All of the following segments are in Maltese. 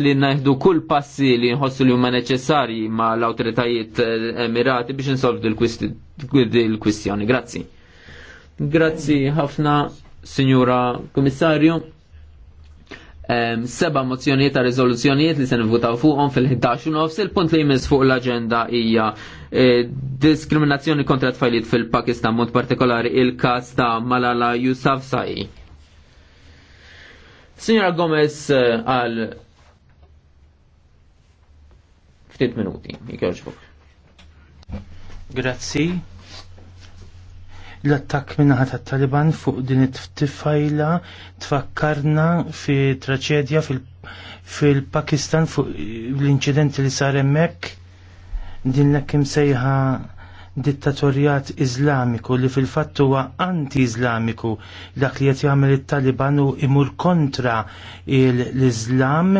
li naħdu kull passi li nħossu li huma neċessarji ma l-autoritajiet eh, emirati biex insolvu l-kwistjoni. Grazzi. Grazzi ħafna, Signora Komissarju. Seba mozzjonijiet ta' rezoluzzjonijiet li se nivvutaw fuqhom fil-11 nofs il-punt li jmiss fuq l agenda hija eh, diskriminazzjoni kontra tfajliet fil-Pakistan, mod partikolari il-kas ta' Malala Yousafzai. Signora Gomez eh, għal ftit minuti. Jikjoġbuk. Grazzi. L-attak minnaħat tal-Taliban fuq din it-tifajla tfakkarna fi traċedja fil-Pakistan fuq l-inċidenti li sar hemmhekk din l sejħa dittatorjat iżlamiku li fil-fatt huwa anti izlamiku dak li qed jagħmel it-Taliban u imur kontra l-Iżlam. il iżlam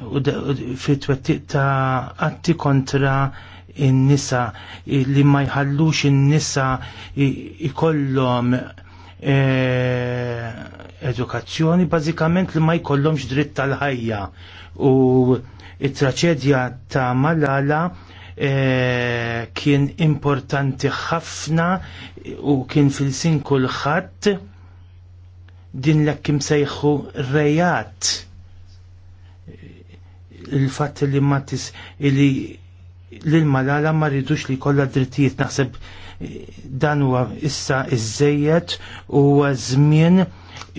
fit-twettiq ta' atti kontra in-nisa li ma jħallux in-nisa ikollhom e, edukazzjoni bażikament li ma jkollhomx dritt tal-ħajja u it-traċedja ta' Malala e, kien importanti ħafna u kien fil-sin kulħadd din l-ekkim sejħu rejat il fat li mattis li l-malala ma rridux li kolla drittijiet naħseb dan huwa issa iżejjed u żmien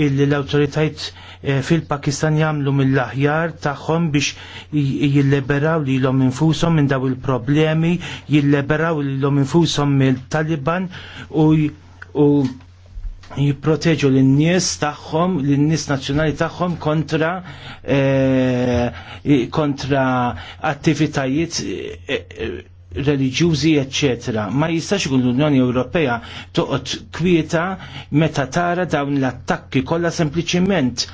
illi l-autoritajt eh, fil-Pakistan jagħmlu mill-aħjar tagħhom biex jilliberaw lilhom infushom minn daw il-problemi, jilliberaw lilhom infushom mill-Taliban u, u jipproteġu l-nies tagħhom, l-nies nazzjonali tagħhom kontra eh, kontra attivitajiet e, e, reliġjużi, eccetera. Ma jistax ikun l-Unjoni Ewropea toqgħod kwieta meta tara dawn l-attakki kollha sempliċiment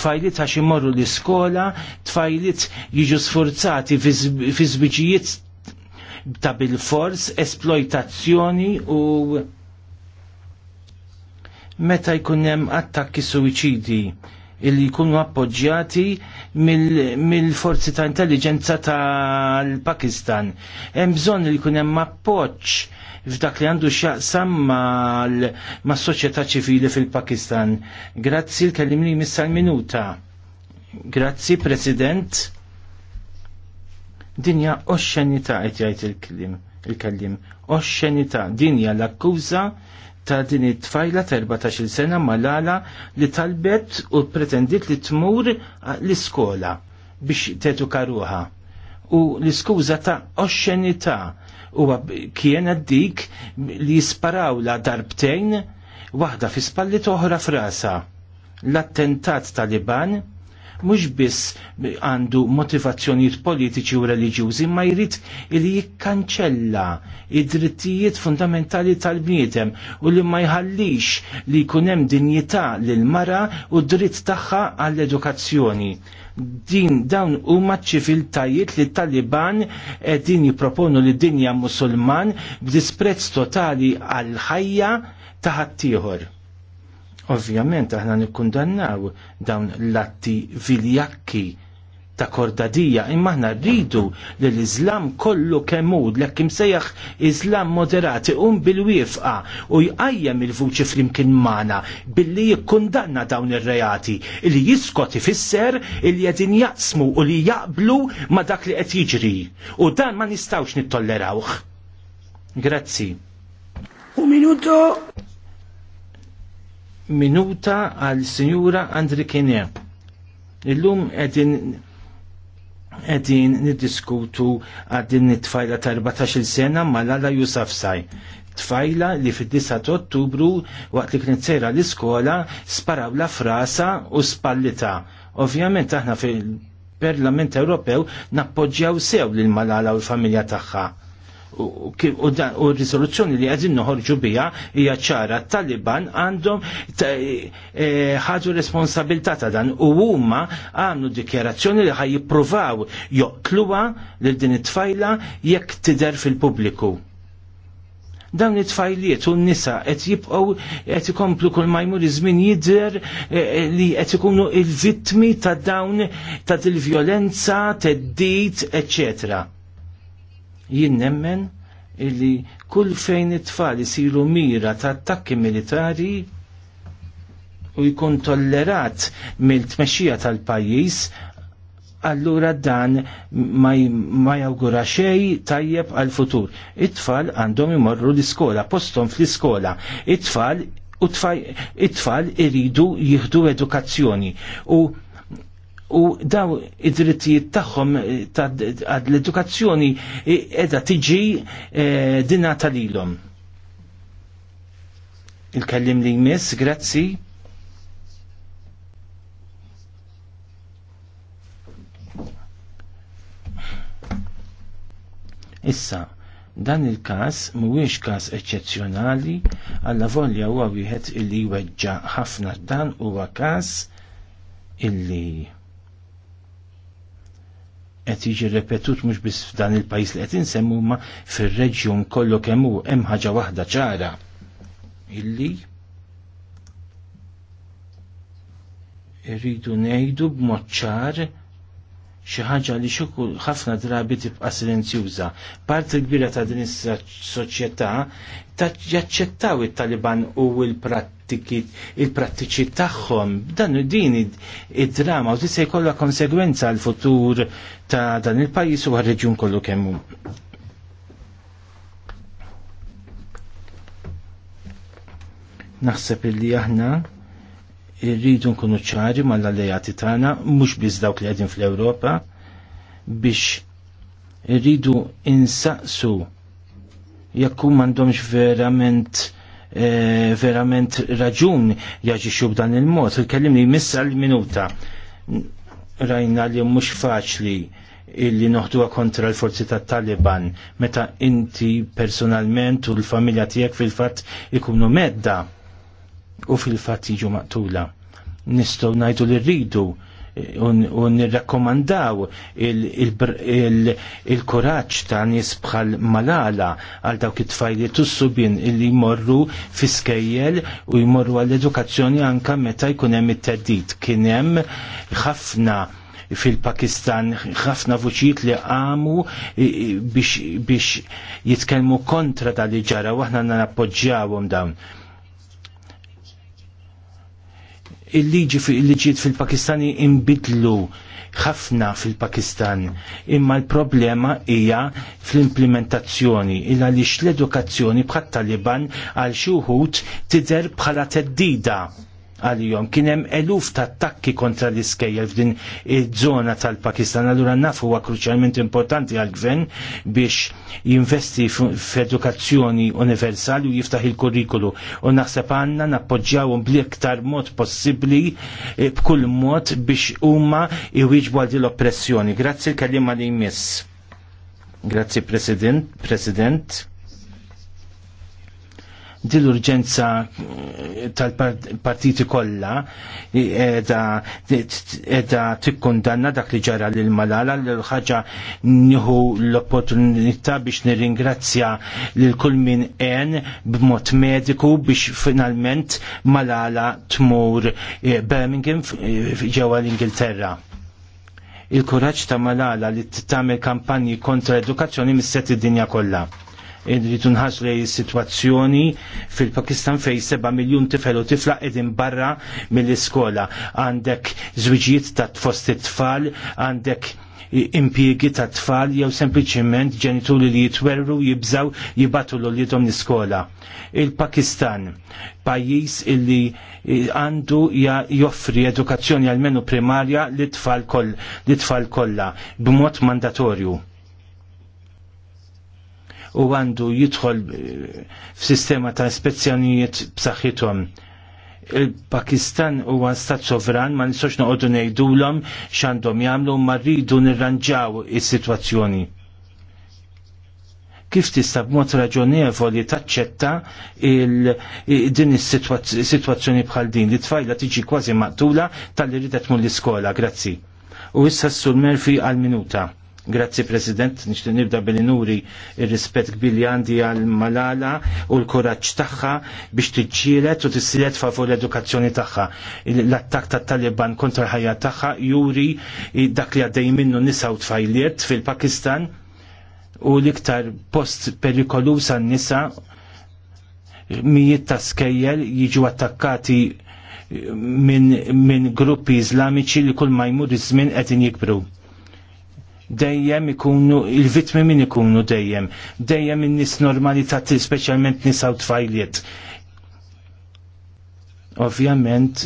tfajlit għax imorru l-iskola, tfajlit jiġu sforzati fi żbiġijiet ta' bil-fors, esploitazzjoni u meta jkun hemm attakki suwiċidi illi jkunu appoġġjati mill-forzi mil ta' intelligenza tal-Pakistan. Hemm bżonn li jkun hemm appoġġ f'dak li għandu x'jaqsam ma' soċjetà ċivili fil-Pakistan. Grazzi l-kellimni missa l-minuta. Grazzi, President. Dinja oxxenità qed jgħid il-kellim il-kellim. dinja l-akkuża ta' din it-tfajla ta' 14 sena malala li talbet u pretendit li tmur l-iskola biex tetu ruħa. U l-iskuża ta' oxxenità u kienet dik li la darbtejn waħda fi spallit oħra frasa. L-attentat taliban mhux biss għandu motivazzjonijiet politiċi u reliġjużi ma jrid li jikkanċella id-drittijiet fundamentali tal-bniedem u li ma jħallix li jkun hemm dinjità lill mara u dritt tagħha għall-edukazzjoni. Din dawn huma ċiviltajiet li taliban qegħdin jipproponu li dinja musulman b'disprezz totali għal ħajja ta' ħaddieħor. Ovvjament aħna nikkundannaw dawn l-atti viljakki ta' kordadija imma aħna rridu li l-Iżlam kollu kemm hu l-hekk imsejjaħ Iżlam moderat iqum bil-wifqa u jqajjem il-vuċi flimkien magħna billi jikkundanna dawn ir-reati li jiskot ifisser li qegħdin jaqsmu u li jaqblu ma' dak li qed jiġri u dan ma nistgħux nittollerawh. Grazzi. Un minuto minuta għal Sinjura Andri Kine. Illum edin edin niddiskutu din it-tfajla ta' 14 sena mal-għala Jusaf Saj. Tfajla li fid-9 ottubru waqt li kienet sejra l-iskola la frasa u spallita. Ovvjament aħna fil-Parlament Ewropew nappoġġjaw sew lil malala u l-familja tagħha u r-riżoluzzjoni li għadin noħorġu bija hija ċara Taliban għandhom e, ħadu responsabilità ta' dan u huma għamlu dikjerazzjoni li ħaj jippruvaw joqtluha lil din it-tfajla jekk tidher fil-pubbliku dawn it-tfajliet u n-nisa qed jibqgħu qed ikomplu kull majmur jmur iż-żmien jidher e, e, li qed ikunu l-vittmi ta' dawn ta' il-vjolenza, tad-dit, eċċetera Jien nemmen illi kull fejn it-tfal isiru mira ta' attakki militari u jkun tollerat mill-tmexxija tal-pajjiż allura dan ma jawgura xej tajjeb għal futur. It-tfal għandhom imorru l-iskola, postom fl-iskola. It-tfal it-tfal iridu jihdu edukazzjoni u u daw id-drittijiet tagħhom eh, għad l-edukazzjoni eh, edha tiġi eh, dinna tal ilom Il-kellim li jmiss, grazzi. Issa, dan il-kas mhuwiex kas eċċezzjonali għalla volja huwa wieħed illi weġġa' ħafna dan huwa kas illi qed jiġi repetut mhux biss f'dan il-pajjiż li qed insemmu ma fir-reġjun kollu kemm hu hemm ħaġa waħda ċara illi irridu ngħidu b'mod ċar xi ħaġa li xukul ħafna drabi tibqa' silenzjuża. Parti kbira ta' din is-soċjetà jaċċettaw it-Taliban u l-prattiki il-prattiċi tagħhom dan din id-drama u tista' jkollha konsegwenza għal futur ta' dan il-pajjiż u għar-reġjun kollu kemm hu. Naħseb illi aħna Irridu nkunu ċari mal-alleati tagħna mhux biss dawk li qegħdin fl-Ewropa biex irridu insaqsu jekk hum m'għandhomx verament eh, verament raġun jaġixxu b'dan il-mod. Kellimni missa l-minuta rajna li mhux faċli illi noħduwa kontra l-forzi tat taliban meta inti personalment u l-familja tiegħek fil-fatt ikunu medda u fil-fatt jiġu maqtula. Nistgħu ngħidu li rridu eh, u nirrakkomandaw il-kuraċ ta' nies bħal malala għal dawk it-tfajli tussubin illi jmorru fiskejjel u jmorru għall-edukazzjoni anka meta jkun hemm it-teddid. Kien hemm ħafna fil-Pakistan ħafna vuċijiet li għamu biex, jitkellmu jitkelmu kontra tal ġara u aħna nappoġġjawhom dawn il-liġi fil-liġiet fil-Pakistani imbidlu ħafna fil-Pakistan imma l-problema hija fl-implementazzjoni il għaliex l-edukazzjoni bħat taliban għal xuħut tidher bħala teddida għal-jom. Kienem eluf ta' attakki kontra l-iskejjel f'din il żona tal-Pakistan, allura nafu huwa kruċjalment importanti għal-gvern biex jinvesti f'edukazzjoni universali u jiftaħ il-kurrikulu. U naħseb għandna nappoġġjawhom bl-iktar mod possibbli eh, b'kull mod biex huma iwieġbu għal din l-oppressjoni. Grazzi l-kellim li jmiss. Grazzi President. President din l-urġenza eh, tal-partiti kollha edha tikkundanna dak li ġara lil Malala l ħaġa nieħu l-opportunità biex nirringrazzja lil kull min għen b'mod mediku biex finalment Malala tmur eh, Birmingham eh, ġewwa l-Ingilterra il-kuraġġ ta' Malala li t-tamil kampanji kontra edukazzjoni mis-set id-dinja kollha irridu nħarsu lej situazzjoni fil-Pakistan fej 7 miljon tifel u tifla edin barra mill-iskola. Għandek zwiġijiet ta' tfost it-tfal, għandek impiegi ta' tfal jew sempliciment ġenituri li jitwerru jibżaw jibatu l-olietom l-iskola. Il-Pakistan, pajis illi għandu joffri edukazzjoni għall-menu primarja li tfal kollha, b'mod mandatorju u għandu jidħol eh, f'sistema ta' ispezzjonijiet b'saħħithom il-Pakistan huwa stat sovran ma nejdu noqogħdu ngħidulhom x'għandhom jagħmlu ma rridu nirranġaw is-sitwazzjoni. Kif tista' b'mod raġonevoli taċċetta din is-sitwazzjoni bħal din li tfajla tiġi kważi maqtula tal-li ridet mull l-iskola, grazzi. U issa s-sur Murphy għal-minuta. Grazzi President, nixti nibda bil-inuri il-rispet kbili għandi għal-Malala u l-kuraċ tagħha biex tiġġielet u tissilet favur l-edukazzjoni tagħha. L-attak ta' Taliban kontra ħajja tagħha juri dak li għaddej minnu nisa u tfajliet fil-Pakistan u l-iktar post perikolus għan-nisa mijiet ta' skejjel jiġu attakkati minn min gruppi iżlamiċi li kull ma jmur iż-żmien qegħdin jikbru dejjem ikunu il-vitmi min ikunu dejjem dejjem in-nies normali ta' speċjalment nisa u tfajliet Ovvjament,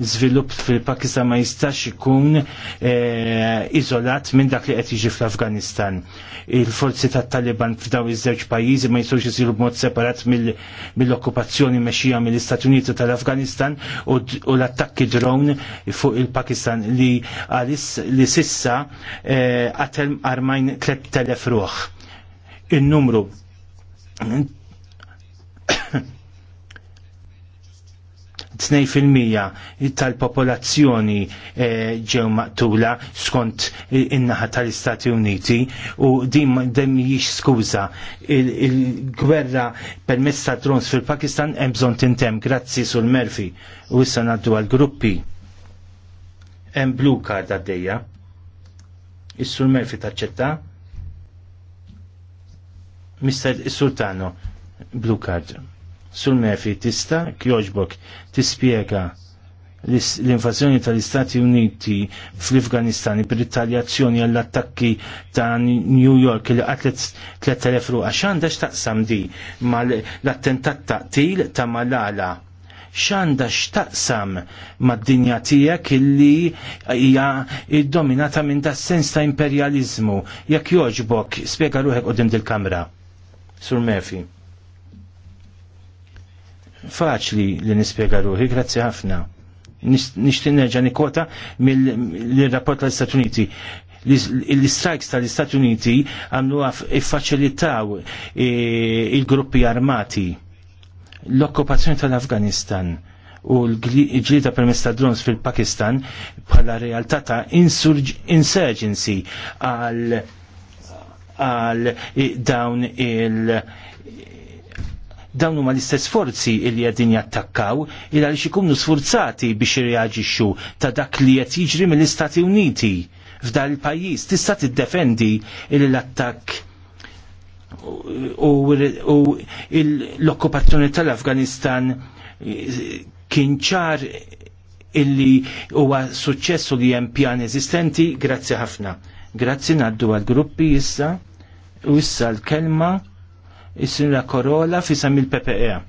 żvilupp fil-Pakistan ma jistax ikun e, eh, iżolat minn dak li qed jiġi fl-Afganistan. Il-forzi tat-Taliban f'daw iż-żewġ pajjiżi ma jistgħux isiru b'mod separat mill-okkupazzjoni mill mexxija mill-Istati Uniti tal-Afganistan u, l-attakki drone fuq il-Pakistan li għalis li sissa qatel eh, e, armajn 3000 ruħ. Il-numru 2% tal-popolazzjoni eh, ġew maqtula skont in-naħa tal-Istati Uniti u din mhijiex skuża il-gwerra permezz ta' drons fil-Pakistan hemm bżonn tintemm grazzi sul Murphy u issa ngħaddu għall-gruppi hemm blue card għaddejja. Is-Sur Murphy taċċetta? Mr. Sultano, blue card. Sul mefi tista kjoġbok tispiega l-invażjoni tal-Istati Uniti fl-Afganistan b'ritaljazzjoni għall-attakki ta' New York li qatlet 3000 ruqa x'għandha x'taqsam di l attentat ta' til ta' Malala x'għandha x'taqsam mad-dinja tiegħek illi hija id-dominata minn da' sens ta' imperjaliżmu jekk jogħġbok spjega ruħek qudiem dil-kamra. Sur Mefi faċli li nispjega ruħi, grazzi ħafna. Nixtieq nerġa' nikota mill-rapport tal-Istati Uniti l-strikes tal-Istati Uniti għamlu iffaċilitaw e, il-gruppi armati l-okkupazzjoni tal-Afganistan u l ġlita permess ta' drones fil-Pakistan bħala realtà ta' insurgency għal għal e, dawn il- dawn huma l-istess forzi li qegħdin jattakkaw il għaliex ikunu sfurzati biex irreaġixxu ta' dak li qed jiġri mill-Istati Uniti f'dan il-pajjiż tista' tiddefendi l-attakk u l-okkupazzjoni tal-Afganistan kien ċar illi huwa suċċessu li hemm pjan eżistenti, grazzi ħafna. Grazzi ngħaddu għall gruppi issa u issa l-kelma is-sinra Korola fi samil ppe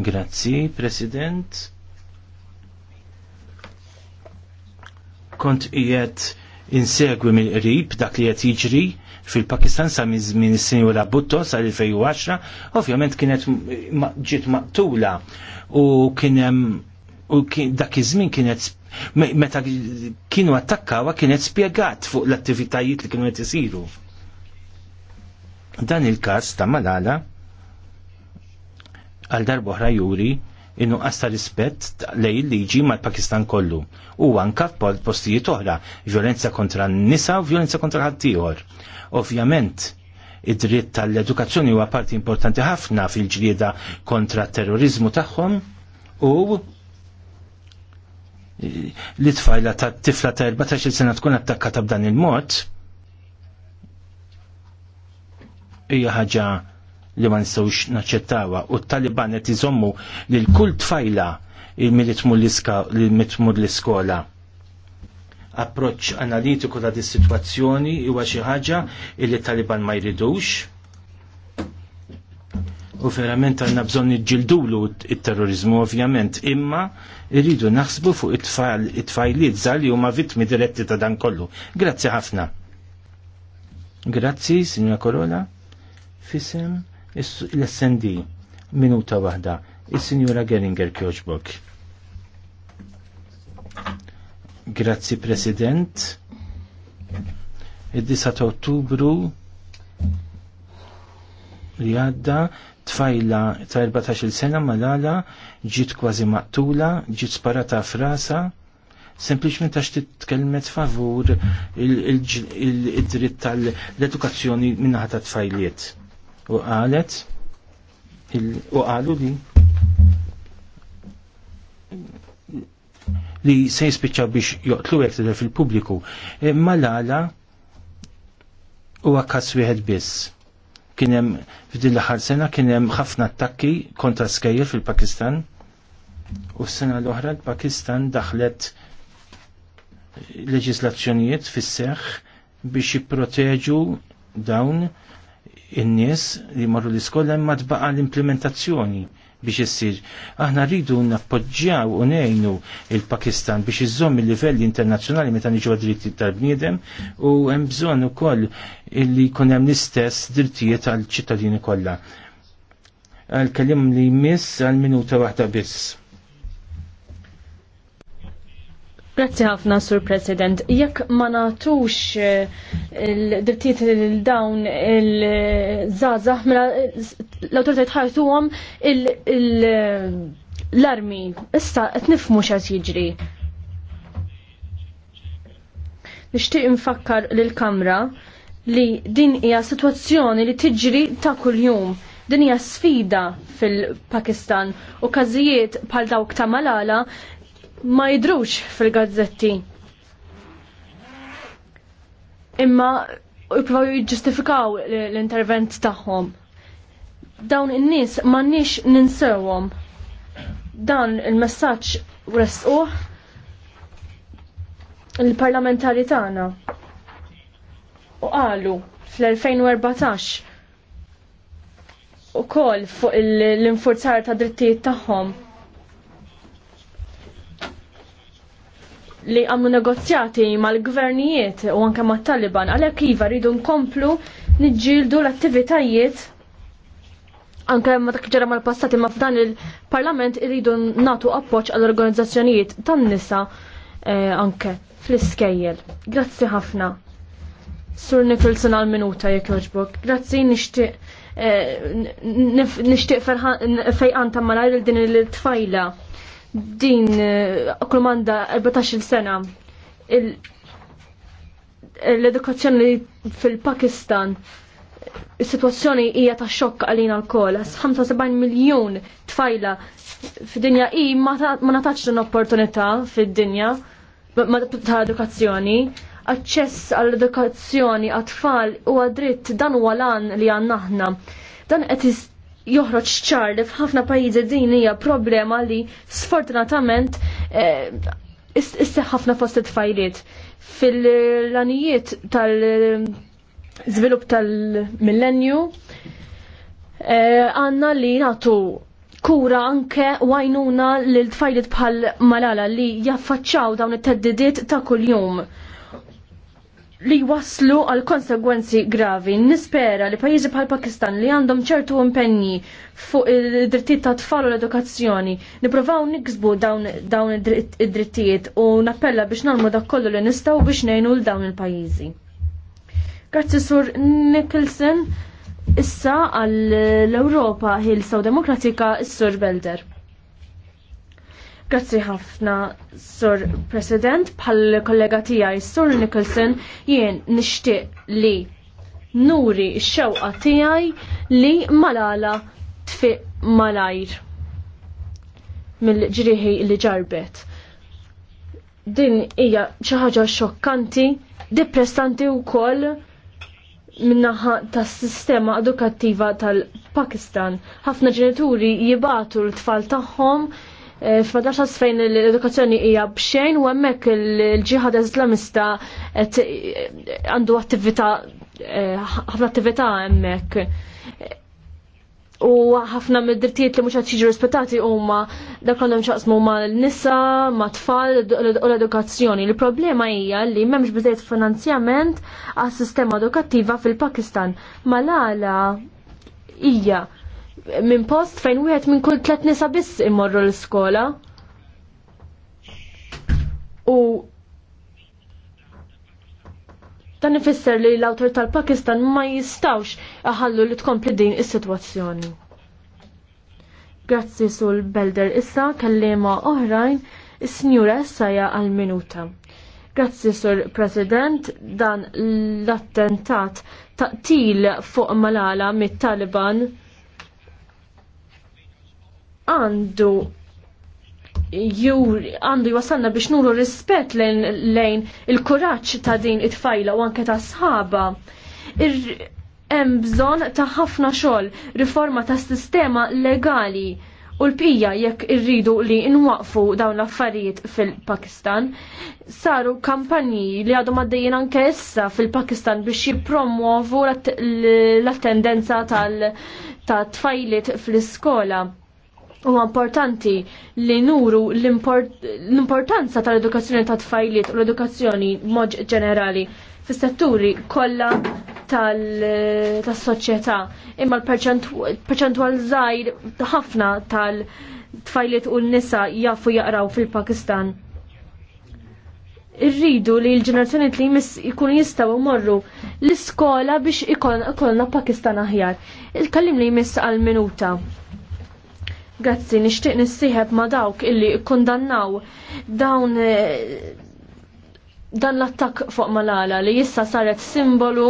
Grazzi, President. Kont qiegħed insegwi mill-qrib dak li qed jiġri fil-Pakistan sa minn is-sinjura Butto sal-2010, ovvjament kienet ġiet maqtula u kien hemm u dak iż-żmien kienet meta kienu attakkawa kienet spjegat fuq l-attivitajiet li kienu qed isiru. Dan il-każ ta' Malala għal darbohra juri innu għasta rispett lej il-liġi mal-Pakistan kollu. U anka postijiet oħra, violenza kontra n-nisa u violenza kontra ħaddieħor. Ovvjament, id-dritt tal-edukazzjoni huwa parti importanti ħafna fil-ġlieda kontra terrorizmu tagħhom u l-tfajla ta' tifla ta' 14 sena tkun attakkata b'dan il-mod hija ħaġa li ma nistgħux naċċettawha u t-Taliban qed iżommu lil kull tfajla milli tmur l-iskola. Approċċ analitiku ta' dis sitwazzjoni huwa xi ħaġa li t-Taliban ma jridux. U verament għandna bżonn niġġildulu it-terrorizmu ovvjament, imma irridu naħsbu fuq it-tfajliet żgħar li huma vittmi diretti ta' dan kollu. Grazzi ħafna. Grazzi, sinja Corolla. Fisem l-SND minuta waħda. Is-Sinjura Geringer Kjoġbok. Grazzi President. id 10 Ottubru li għadda tfajla ta' 14 sena malala ġiet kważi maqtula, ġiet sparata frasa sempliċment għax titkelmet favur il-dritt tal-edukazzjoni minnaħat ta' tfajliet u qalet u qalu li li se jispiċċaw biex joqtlu jekk fil-pubbliku. E, Malala huwa każ wieħed biss kienem f'din l-aħħar sena kienem ħafna attakki kontra skejjer fil-Pakistan u s-sena l-oħra l-Pakistan daħlet leġislazzjonijiet fis-seħħ biex jipproteġu dawn in-nies li marru l-iskola imma tbaqa l-implementazzjoni biex issir. Aħna rridu nappoġġjaw u nejnu il-Pakistan biex iżomm il-livelli internazzjonali meta niġu dritti tal-bniedem u hemm bżonn ukoll li jkun hemm l-istess drittijiet għall ċittadini kollha. Għal-kelim li jmiss għal minuta waħda biss. Grazzi ħafna, Sur President. Jekk ma natux eh, il-dirtiet il-dawn il-żazah, mela l-autoritet ħartu għom l-armi. Issa, qed nifmu x'għas jiġri. Nixtieq infakkar lill kamra li din hija sitwazzjoni li tiġri ta' kuljum. Din hija sfida fil-Pakistan u każijiet bħal dawk ta' Malala ma jidrux fil-gazzetti. Imma jiprofaw jġustifikaw l-intervent tagħhom. Dawn in-nies m'għandniex ninsewom. Dan il-messaġġ resquh il-parlamentari tagħna. U qalu fl-2014 u kol fuq l-infurzar ta' drittijiet tagħhom li għamlu negozjati mal-gvernijiet u anke mal taliban għalhekk iva rridu nkomplu niġġieldu l-attivitajiet anke ma dak ġara mal-passati ma f'dan il-Parlament irridu natu appoġġ għall-organizzazzjonijiet tan-nisa eh, anke fl-iskejjel. Grazzi ħafna. Sur Nicholson għal minuta jekk joġbok. Grazzi nixtieq eh, nixtieq fejqan ta' malajr din il-tfajla din eh, kulmanda 14 sena l-edukazzjoni fil-Pakistan is-sitwazzjoni hija ta' xokk għalina l-kol. 75 miljun tfajla fid-dinja i ma natax din opportunità fid-dinja ta' edukazzjoni. Aċċess għall-edukazzjoni għat-tfal huwa dritt dan huwa lan li għandna Dan qed joħroġ ċar li f'ħafna pajjiżi din hija problema li sfortunatament eh, isseħ ħafna fost it-tfajliet. Fil-lanijiet tal-żvilupp tal-millenju eh, għanna li natu kura anke għajnuna l-tfajliet bħal malala li jaffaċċaw dawn it-teddidiet ta' kuljum. jum li waslu għal konsegwenzi gravi. Nispera li pajjiżi bħal Pakistan li għandhom ċertu impenni fuq id-drittijiet ta' tfal u l-edukazzjoni, niprovaw niksbu dawn, id-drittijiet u nappella biex nagħmlu dak kollu li nistgħu biex ngħinu l dawn il-pajjiżi. Grazzi Sur Nicholson, issa għall-Europa Hilsaw Demokratika, Sur Belder. Grazzi ħafna, Sur President, pal kollega tijaj, Sur Nicholson, jien nishtiq li nuri xewqa tijaj li malala tfiq malajr mill-ġriħi li ġarbet. Din hija xi ħaġa xokkanti, depressanti wkoll minnaħa tas sistema edukattiva tal-Pakistan. ħafna ġenituri jibatu l-tfal tagħhom F'madrasas fejn l-edukazzjoni hija bxejn u hemmhekk il-ġihad Islamista għandu attività eh, ħafna attività hemmhekk. U ħafna mid-drittijiet li mhux qed jiġu rispettati huma dak għandhom xaqsmu ma' nisa, ma' tfal u l-edukazzjoni. Il-problema hija li m'hemmx biżejjed finanzjament għas-sistema edukattiva fil-Pakistan. Malala hija minn post fejn wieħed minn kull tliet nisa biss imorru l-iskola. U dan ifisser li l-awtor tal-Pakistan ma jistawx aħallu li tkompli din is-sitwazzjoni. Grazzi sul Belder issa kellima oħrajn is-Snjura Sajja għal-minuta. Grazzi sur President dan l-attentat taqtil fuq Malala mit-Taliban għandu juri għandu jwasanna biex nuru rispett lejn, lejn il-kuraċ ta' din it-tfajla u anke ta' sħaba. Hemm bżonn ta' ħafna xogħol, riforma ta' sistema legali u l-pija jekk irridu li nwaqfu dawn l-affarijiet fil-Pakistan. Saru kampanji li għadhom għaddejjin anke issa fil-Pakistan biex jippromuovu l-attendenza tal-tfajlit fl-iskola. U importanti li nuru l-importanza tal-edukazzjoni ta' tfajliet u l-edukazzjoni mod ġenerali fis-setturi kollha tas-soċjetà. Imma l perċentual zaħir ħafna tal-tfajliet u n-nisa jafu jaqraw fil-Pakistan irridu li l-ġenerazzjoni li jkunu jistaw morru l-iskola biex ikolna Pakistan aħjar. Il-kallim li jmiss għal-minuta. Grazzi, nixtieq nissieħeb ma dawk illi kkundannaw dawn eh, dan l-attak fuq Malala li jissa saret simbolu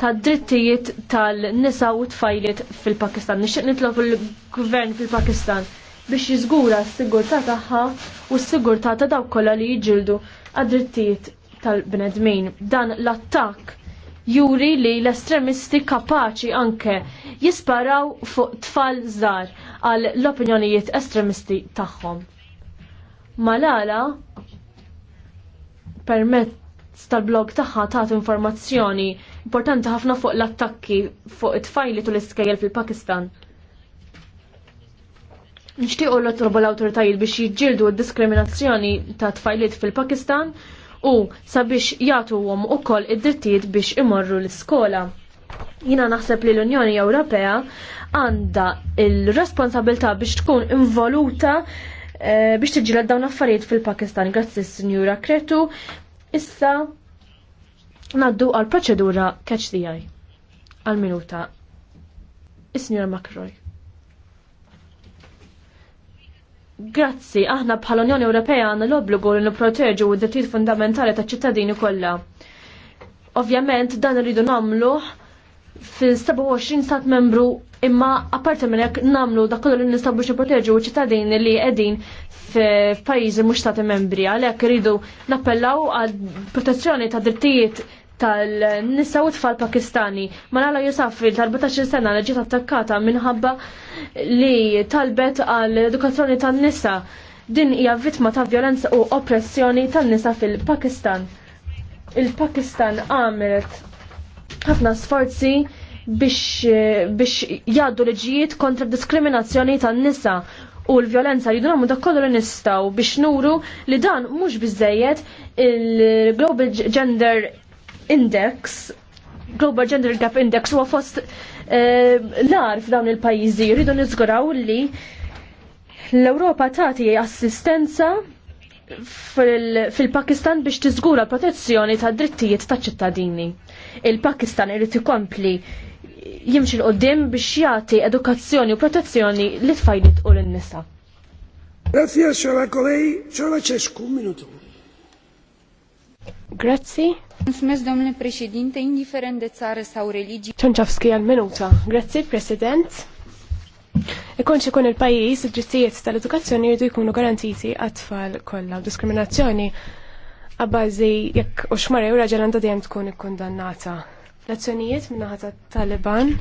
ta' drittijiet tal-nisa u tfajliet fil-Pakistan. Nixtieq nitlob il-gvern fil-Pakistan biex jiżgura s sigurta tagħha u s-sigurtà ta' dawk kollha li jġildu għad-drittijiet tal-bnedmin. Dan l-attakk juri li l-estremisti kapaċi anke jisparaw fuq tfal żgħar għal l-opinjonijiet estremisti tagħhom. Malala permezz tal-blog tagħha tagħtu informazzjoni importanti ħafna fuq l-attakki fuq it-tfajli tul iskejjel fil-Pakistan. Nixtiequ l torbu l-awtoritajiet biex jiġġieldu d-diskriminazzjoni ta' tfajliet fil-Pakistan u sabiex jagħtuhom ukoll id-drittijiet biex imorru l-iskola. Jina naħseb li l-Unjoni Ewropea għandha il-responsabilta biex tkun involuta eh, biex tiġġieled dawn affarijiet fil-Pakistan. Grazzi Sinjura Kretu. Issa naddu għal proċedura catch the eye. Għal minuta. Is-Sinjura Macroy. Grazzi, aħna bħal Unjoni Ewropea għanna l-obbligu li nipproteġu d-drittijiet fundamentali taċ-ċittadini kollha. Ovvjament dan irridu namluħ fil-27 stat membru imma apparti minn hekk nagħmlu da kollu li nistgħu biex nipproteġu ċittadin li qegħdin f'pajjiżi mhux stati membri għalhekk iridu nappellaw għal protezzjoni ta' drittijiet tal-nisa u tfal pakistani. nala jusafri tal-14 sena li ġiet attakkata minħabba li talbet għal edukazzjoni tan-nisa. Din hija vittma ta' violenza u oppressjoni tan-nisa fil-Pakistan. Il-Pakistan għamilet ħafna sforzi biex, biex jaddu liġijiet kontra diskriminazzjoni tan-nisa u l-violenza li dunam dak kollu li nistaw biex nuru li dan mhux biżejjed il-Global Gender Index Global Gender Gap Index huwa fost eh, lar f'dawn il-pajjiżi jridu niżguraw li l-Ewropa tagħti assistenza fil-Pakistan biex tiżgura protezzjoni ta' drittijiet ta' ċittadini. Il-Pakistan irid ikompli jimxil qoddim biex jagħti edukazzjoni u protezzjoni li tfajlit u l nisa Grazie, xora kolej, xora ċesku minutu. Grazzi. Nsmes domni presidente, indiferent de sa' u religi. Cionciavski għal minuta. Grazzi, president. Ikunx ikun il-pajjiż id-drittijiet tal-edukazzjoni jridu jkunu garantiti għat-tfal kollha u diskriminazzjoni għabbażi jekk u xmara jew raġel għandha dejjem tkun ikkundannata. L-azzjonijiet minnaħat tat-Taliban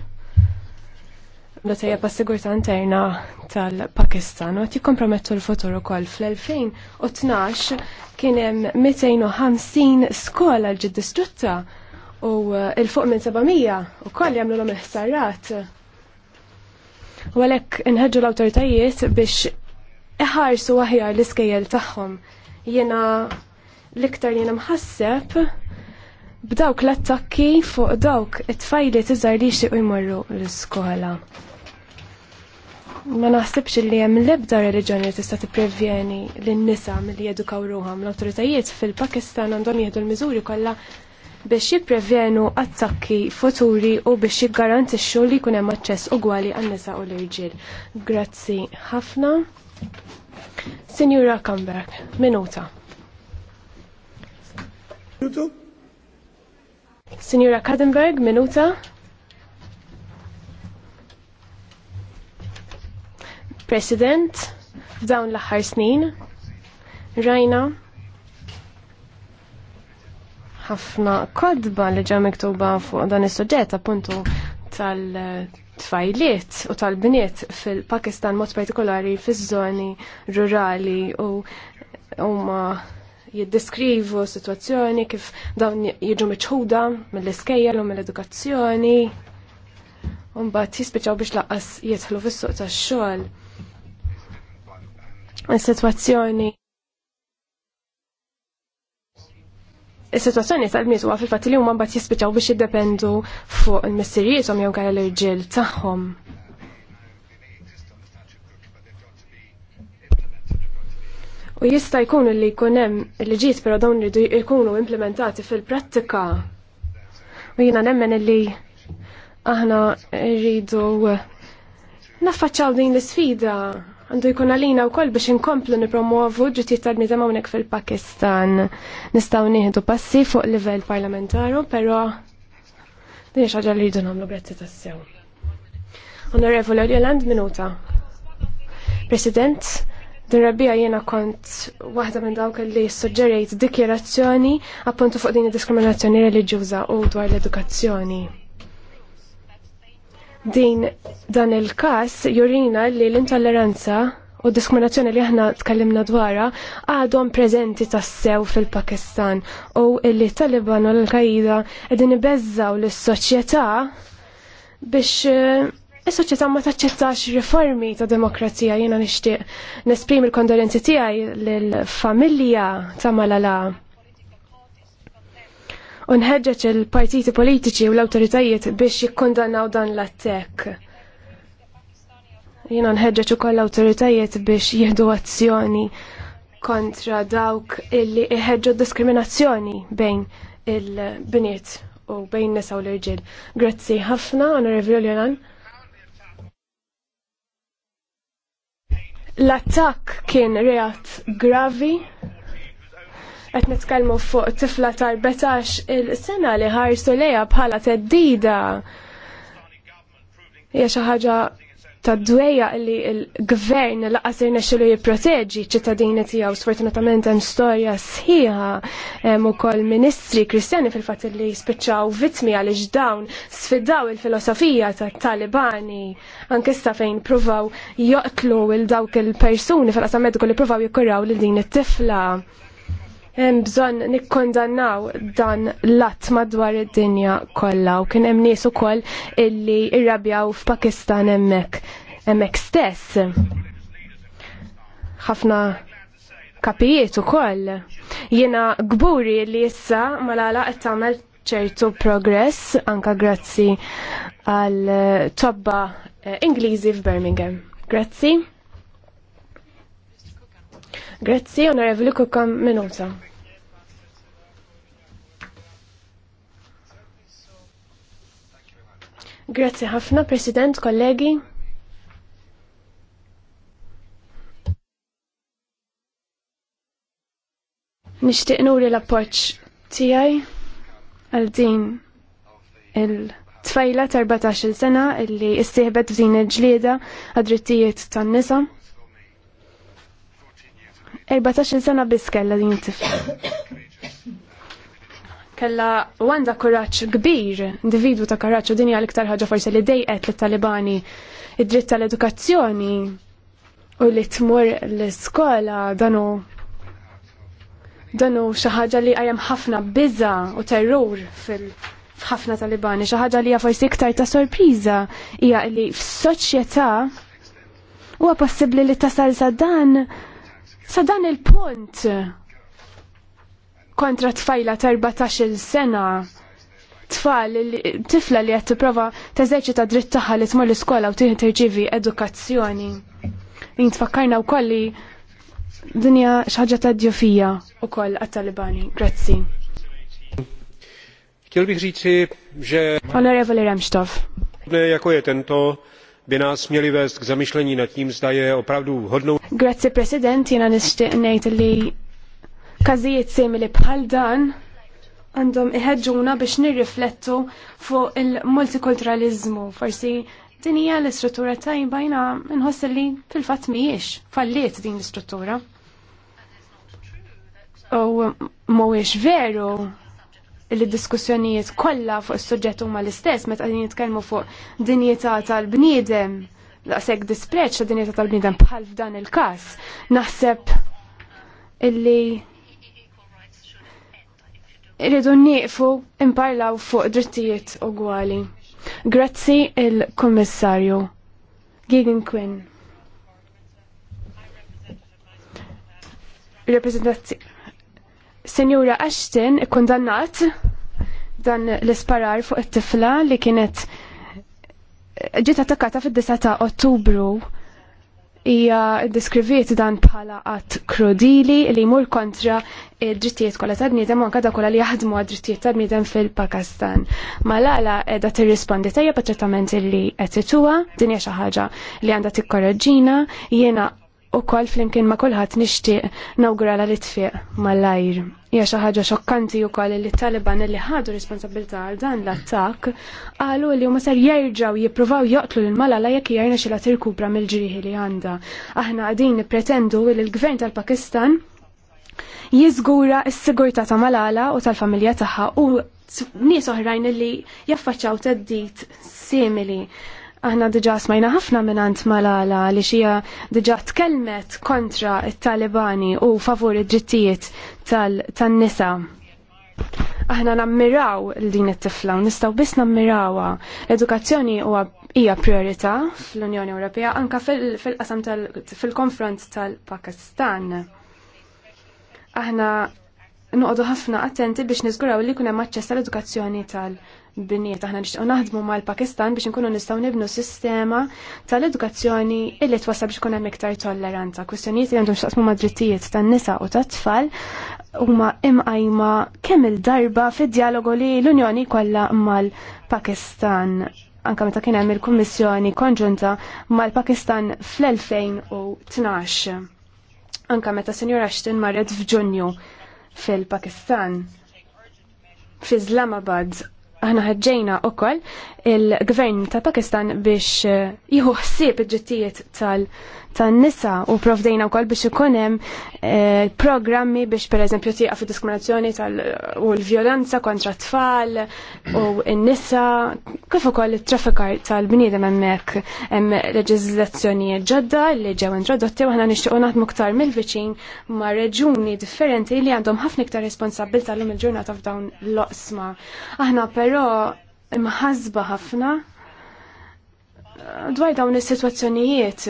l-tajja pas-sigurta interna tal-Pakistan u għati kompromettu l-futur u koll fl-2012 kienem 250 skola ġid distrutta u il-fuq minn 700 u koll jamlu l-om ħsarrat U għalhekk inħeġġu l-awtoritajiet biex iħarsu aħjar l-iskejjel tagħhom. Jiena l-iktar jiena mħasseb b'dawk l-attakki fuq dawk it-tfajli tiżar li xieq jmorru l-iskola. Ma naħsibx li hemm l-ebda reliġjoni li tista' tipprevjeni lin-nisa milli jedukaw ruhom. L-awtoritajiet fil-Pakistan għandhom jieħdu l-miżuri kollha biex jipprevenu attakki futuri u biex jiggarantixxu li jkun hemm aċċess ugwali għan-nisa u l-irġiel. Grazzi ħafna. Sinjura Kamberg, minuta. Sinjura Kadenberg, minuta. President, f'dawn l-aħħar snin, rajna ħafna kodba li ġa miktuba fuq dan is-suġġett appuntu tal-tfajliet u tal-bniet fil-Pakistan mod partikolari fiż-żoni rurali u huma jiddeskrivu situazzjoni kif dawn jiġu miċħuda mill iskejja u mill-edukazzjoni u mbagħad jispiċċaw biex laqas jidħlu fis-suq tax-xogħol. Is-sitwazzjoni Is-sitwazzjoni tal-bniet huwa fil-fatt li huma mbagħad jispiċċaw biex jiddependu fuq il-missirietom jew kellha l-irġiel tagħhom. U jista' jkun li jkun hemm il-liġijiet però dawn li jkunu implementati fil-prattika. U jiena nemmen li aħna rridu naffaċċaw din l-isfida għandu jkun għalina u koll biex inkomplu nipromuovu ġitiet ta' hawnhekk fil-Pakistan. Nistgħu nieħdu passi fuq livell parlamentaru, però din xaġa li jridu nagħmlu grazzi tassew. Onorevoli Joland, minuta. President, din rabbija jiena kont waħda minn dawk li suġġerejt dikjerazzjoni appuntu fuq din id-diskriminazzjoni reliġjuża u dwar l-edukazzjoni. Din dan il-kas jurina li l-intolleranza u diskriminazzjoni li aħna tkellimna dwarha għadhom preżenti tassew fil-Pakistan u illi Taliban u l-Qaida qegħdin ibeżżaw lis-soċjetà biex eh, is-soċjetà ma taċċettax riformi ta' demokrazija jiena nixtieq nesprim il-kondolenzi tiegħi lill-familja ta' Malala unħedġeċ il-partiti politiċi u l-autoritajiet biex jikkondannaw dan l-attek. Jina nħedġeċ u koll l-autoritajiet biex jihdu azzjoni kontra dawk illi iħedġu diskriminazzjoni bejn il-biniet u bejn nisa u l-irġil. Grazzi ħafna, onorevoli Jolan. L-attak kien reat gravi qed nitkellmu fuq tifla tarbetax il-sena li ħarsu lejha bħala teddida. Hija xi ħaġa ta' dweja li l-gvern laqas irnexxilu jipproteġi ċittadini tiegħu sfortunatament hemm storja sħiħa hemm ukoll ministri Kristjani fil-fatt li spiċċaw vittmi għaliex dawn sfidaw il-filosofija tat-Talibani anke sa fejn pruvaw joqtlu il dawk il-persuni fil-qasam mediku li pruvaw jikkuraw lil din it-tifla hemm bżonn nikkondannaw dan l-att madwar id-dinja kollha u kien hemm nies ukoll illi rrabjaw f'Pakistan hemmhekk hemmhekk stess. Ħafna kapijiet ukoll. Jiena gburi li issa malala qed tagħmel ċertu progress anka grazzi għal tobba eh, Ingliżi f'Birmingham. Grazzi. Grazzi, onorevoli Kukam, minuta. Grazzi ħafna, President, kollegi. Nishtiq nuri l-appoċ tijaj għal din il-tfajla tarbatax 14 sena illi istieħbet f'din il-ġlieda għad-drittijiet tan-nisa. 14 sena biss kella din tifla. Kella għanda kuraċ kbir, individu ta' kuraċ u dinja l-iktar ħaġa forse li dejqet li talibani id-dritt tal-edukazzjoni u li tmur l-iskola danu danu xaħġa li għajem ħafna bizza u terror fil ħafna talibani, xaħġa li forsi iktar ta' sorpriza hija li f'soċjetà huwa possibbli li tasal sa dan Sa dan il-punt kontra tfajla ta' 14 sena tfal tifla li qed tipprova teżeċita dritt tagħha li tmur l-iskola u tieħed tirċievi edukazzjoni. tfakkarna wkoll li dinja xaġa ta' djofija wkoll għat-Talibani. Grazzi. Kjolbi ħriċi ġe. Onorevoli Remstov. Jako jeten to by nás měly vést k zamyšlení nad tím, zda je opravdu hodnou. Grazie President, jena nishtiq nejt li kazijiet simili bħal dan għandhom iħedġuna biex nirriflettu fuq il-multikulturalizmu. Forsi din hija l-istruttura tajba jina nħoss li fil-fatt mhijiex falliet din l-istruttura. U mhuwiex veru il-diskussjonijiet kollha fuq is-suġġett huma l-istess meta qegħdin jitkellmu fuq dinjità tal-bniedem daqshekk dispreċ ta' dinjità tal-bniedem bħal f'dan il-każ. Naħseb illi irridu nieqfu imparlaw fuq drittijiet ugwali. Grazzi il-Kummissarju. Gigan Quinn. Rappresentanti Senjura Ashton kondannat dan l-isparar fuq it-tifla li kienet eh, ġiet attakkata fid-9 ta' Ottubru hija ddiskriviet dan bħala qatt krudili li jmur kontra id-drittijiet kollha ta' bniedem anke dak kollha li jaħdmu għad-drittijiet ta' bniedem fil-Pakistan. Malala qiegħda tirrispondi tajjeb għat-trattament li qed ituha, din hija xi ħaġa li għandha tikkoraġġina, jiena u kol flimkien ma kolħat nishtiq nawgurala li tfiq mal-lajr. Hija xi ħaġa xokkanti wkoll li t-Taliban li ħadu responsabilità għal dan l-attakk qalu li huma ser jirġaw jippruvaw joqtlu lil Malala jekk hija xila tirkubra mill-ġrieħi li għandha. Aħna għadin pretendu li l-Gvern tal-Pakistan jiżgura s-sigurtà ta' Malala u tal-familja tagħha u nies oħrajn li jaffaċċaw teddit simili Aħna diġa smajna ħafna minant Malala li xija diġa tkelmet kontra il talibani u favur id-drittijiet tal-nisa. Aħna nammiraw l-din it-tifla u nistaw biss nammirawa. L-edukazzjoni huwa hija priorità fl-Unjoni Ewropea anka fil-qasam fil-konfront tal-Pakistan. Aħna nuqdu ħafna attenti biex niżguraw li kunem aċċess tal-edukazzjoni tal pakistan biniet aħna nixtiequ naħdmu mal-Pakistan biex inkunu nistgħu nibnu sistema tal-edukazzjoni illi twassal biex ikun hemm iktar tolleranza. Kwistjonijiet li għandhom xaqsmu mad-drittijiet tan-nisa u tat-tfal huma imqajma kemm il-darba fid-dialogu li l-Unjoni kollha mal-Pakistan anka meta kien hemm il-Kummissjoni konġunta mal-Pakistan fl-2012. Anka meta Sinjor Ashton marret f'Ġunju fil-Pakistan. Fi Islamabad Aħna u koll il-gvern ta' Pakistan biex eh, jieħu ħsieb iġġittijiet tal- tan-nisa u provdejna wkoll biex ikun hemm eh, programmi biex pereżempju tieqa fi diskriminazzjoni tal u l violenza kontra tfal u n-nisa kif ukoll it-traffikar tal-bniedem hemmhekk hemm leġiżlazzjoni ġodda li ġew introdotti u aħna nixtiequ naħdmu ktar mill-viċin ma' reġuni differenti li għandhom ħafna iktar responsabilta l-lum il-ġurnata f'dawn l-oqsma. Aħna però imħazba ħafna eh, dwar dawn is-sitwazzjonijiet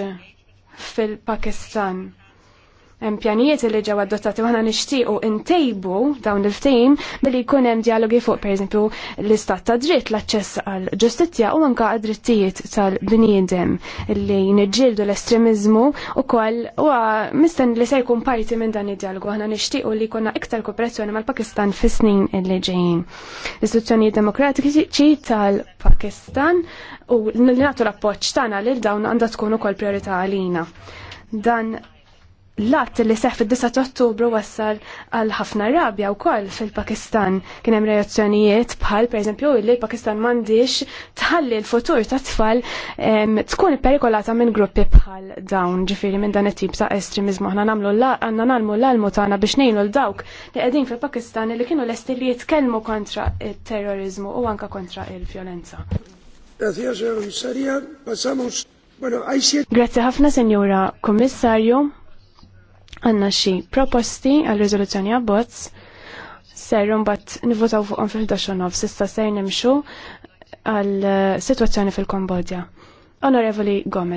fil-Pakistan. Hemm pjanijiet li ġew adottati aħna nixtiequ intejbu dawn il-ftehim billi jkun hemm dialogi fuq pereżempju l-istat ta' dritt l-aċċess għal ġustizzja u anke għad-drittijiet tal-bniedem li niġġieldu l-estremiżmu ukoll u mistenni li se jkun parti minn dan id-dialogu aħna nixtiequ li jkollna iktar kooperazzjoni mal-Pakistan fis-snin li ġejjin. L-istituzzjonijiet demokratiċi tal-Pakistan u li nagħtu l-appoġġ tagħna lil dawn għandha tkun ukoll priorità għalina. Dan l-att li seħ fil-9 ottubru wassal għal ħafna rabja u koll fil-Pakistan. Kienem reazzjonijiet bħal, per eżempju, li l-Pakistan mandiġ tħalli l-futur ta' tfal tkun perikolata minn gruppi bħal dawn, ġifiri minn dan it-tip ta' estremizmu. ħna namlu għanna nagħmlu l-almu tagħna biex nejnu l-dawk li qegħdin fil-Pakistan li kienu l-esti li jitkellmu kontra il-terrorizmu u anka kontra il-violenza. Grazie ħafna, Senjora Kummissarju għanna xi proposti għal riżoluzzjoni abbozz serru mbagħad nivvotaw fuqhom fil-11 nofs issa ser nimxu għal eh, sitwazzjoni fil-Kambodja. Onorevoli Gomez.